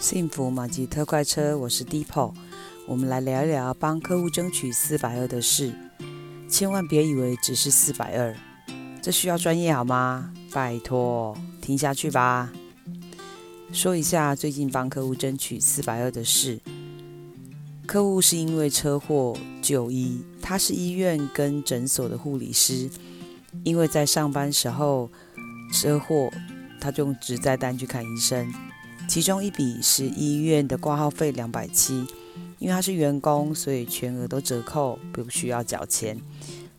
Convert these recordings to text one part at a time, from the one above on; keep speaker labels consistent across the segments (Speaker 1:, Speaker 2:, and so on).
Speaker 1: 幸福馬吉特快車，我是 Deepo，我們來聊一聊幫客戶爭取四百二的事。千萬別以為只是四百二，這需要專業好嗎？拜托，聽下去吧。說一下最近幫客戶爭取四百二的事。客戶是因為車禍就醫，他是醫院跟診所的護理師，因為在上班時候車禍，他就用職災單去看醫生。其中一筆是醫院的掛號費兩百七，因為他是員工，所以全額都折扣，不需要繳錢。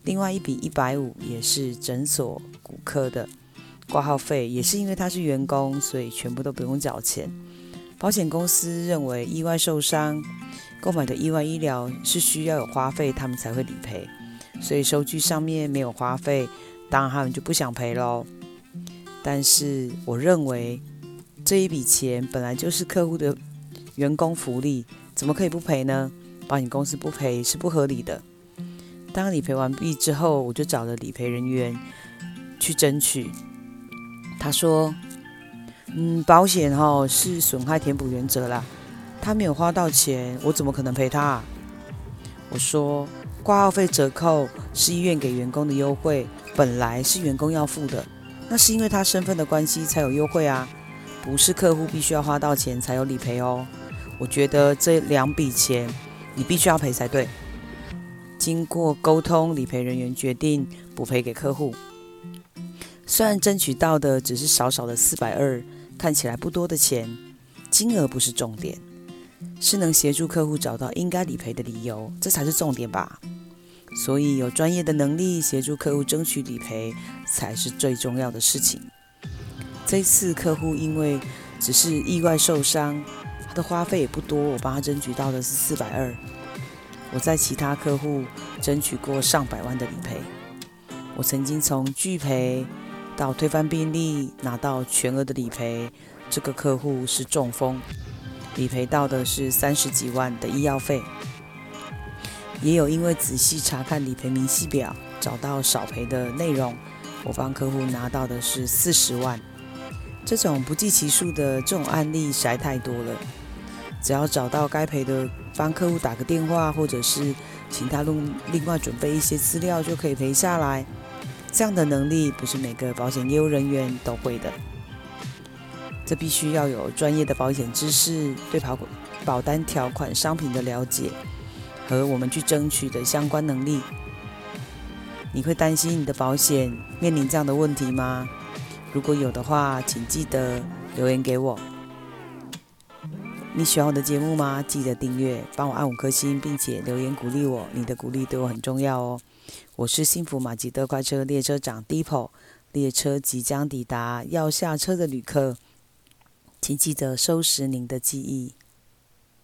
Speaker 1: 另外一筆一百五也是診所骨科的掛號費，也是因為他是員工，所以全部都不用繳錢。保險公司認為意外受傷購買的意外醫療是需要有花費，他們才會理賠，所以收據上面沒有花費，當然他們就不想賠嘍。但是我認為。這一筆錢本來就是客戶的員工福利，怎麼可以不賠呢？保險公司不賠是不合理的。當理賠完畢之後，我就找了理賠人員去爭取。他說：“嗯，保險哈、哦、是損害填補原則啦，他沒有花到錢，我怎麼可能賠他、啊？”我說：“掛號費折扣是醫院給員工的優惠，本來是員工要付的，那是因為他身份的關係才有優惠啊。”不是客戶必須要花到錢才有理賠哦，我覺得這兩筆錢你必須要賠才對。經過溝通，理賠人員決定補賠給客戶。雖然爭取到的只是少少的四百二，看起來不多的錢，金額不是重點，是能協助客戶找到應該理賠的理由，這才是重點吧。所以有專業的能力協助客戶爭取理賠才是最重要的事情。這次客戶因為只是意外受傷，他的花費也不多，我幫他爭取到的是四百二。我在其他客戶爭取過上百萬的理賠，我曾經從拒賠到推翻病歷拿到全額的理賠。這個客戶是中風，理賠到的是三十幾萬的醫藥費。也有因為仔細查看理賠明細表，找到少賠的內容，我幫客戶拿到的是四十萬。這種不計其數的這種案例實在太多了，只要找到該賠的，幫客戶打個電話，或者是請他另另外準備一些資料，就可以賠下來。這樣的能力不是每個保險業務人員都會的，這必須要有專業的保險知識、對保保單條款、商品的了解和我們去爭取的相關能力。你會擔心你的保險面臨這樣的問題嗎？如果有的話，請記得留言給我。你喜歡我的節目嗎？記得訂閱，幫我按五顆星，並且留言鼓勵我。你的鼓勵對我很重要哦。我是幸福馬吉德快車列車長 Depot 列車即將抵達，要下車的旅客，請記得收拾您的記憶。